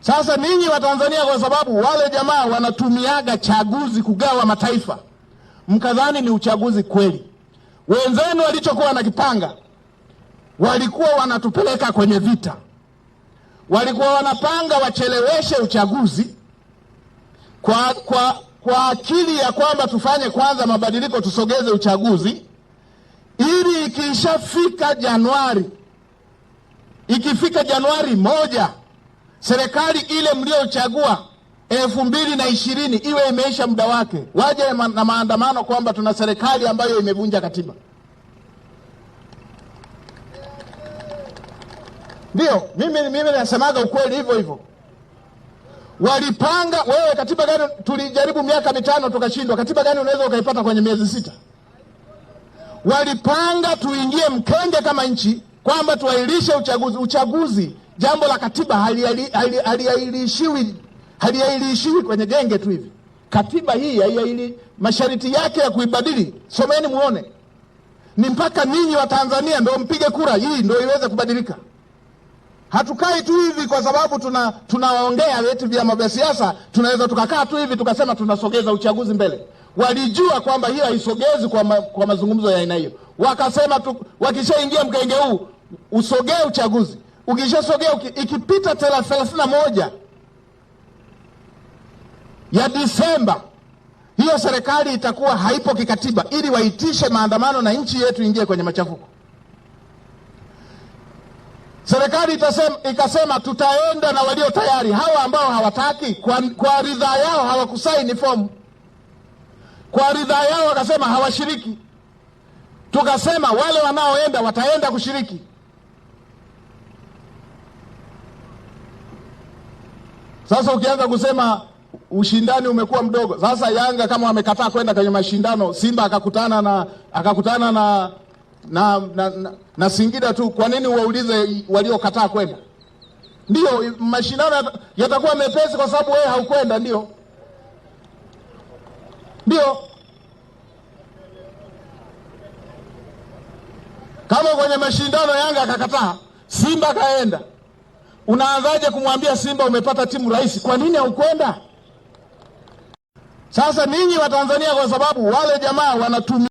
Sasa ninyi Watanzania, kwa sababu wale jamaa wanatumiaga chaguzi kugawa mataifa, mkadhani ni uchaguzi kweli. Wenzenu walichokuwa na kipanga walikuwa wanatupeleka kwenye vita, walikuwa wanapanga wacheleweshe uchaguzi kwa, kwa, kwa akili ya kwamba tufanye kwanza mabadiliko, tusogeze uchaguzi ili ikishafika Januari, ikifika Januari moja serikali ile mliochagua elfu mbili na ishirini iwe imeisha muda wake, waje na maandamano kwamba tuna serikali ambayo imevunja katiba. Ndio mimi mimi nasemaga ukweli hivyo hivyo. Walipanga wewe, katiba gani? Tulijaribu miaka mitano tukashindwa. Katiba gani unaweza ukaipata kwenye miezi sita? Walipanga tuingie mkenge kama nchi kwamba tuahirishe uchaguzi. Uchaguzi jambo la katiba haliailishiwi hali kwenye genge tu hivi. Katiba hii haiaili, masharti yake ya kuibadili someni muone, ni mpaka ninyi wa Tanzania ndio mpige kura hii ndio iweze kubadilika. Hatukai tu hivi kwa sababu tuna tunaongea wetu vyama vya siasa, tunaweza tukakaa tu hivi tukasema tunasogeza uchaguzi mbele. Walijua kwamba hiyo haisogezi kwa, ma, kwa mazungumzo ya aina hiyo, wakasema tu wakishaingia mkenge huu usogee uchaguzi ukishasogea ikipita thelathini na moja ya Disemba hiyo serikali itakuwa haipo kikatiba, ili waitishe maandamano na nchi yetu ingie kwenye machafuko. Serikali itasema, ikasema tutaenda na walio tayari. Hawa ambao hawataki kwa, kwa ridhaa yao hawakusaini fomu, kwa ridhaa yao wakasema hawashiriki. Tukasema wale wanaoenda wataenda kushiriki. Sasa ukianza kusema ushindani umekuwa mdogo, sasa Yanga kama wamekataa kwenda kwenye mashindano, Simba akakutana na akakutana na na, na, na, na Singida tu, kwa nini waulize waliokataa kwenda? Ndio mashindano yatakuwa mepesi kwa sababu wewe haukwenda. Ndio, ndio kama kwenye mashindano Yanga akakataa, Simba kaenda Unaanzaje kumwambia Simba umepata timu rahisi? Kwa nini haukwenda? Sasa ninyi Watanzania, kwa sababu wale jamaa wanatumia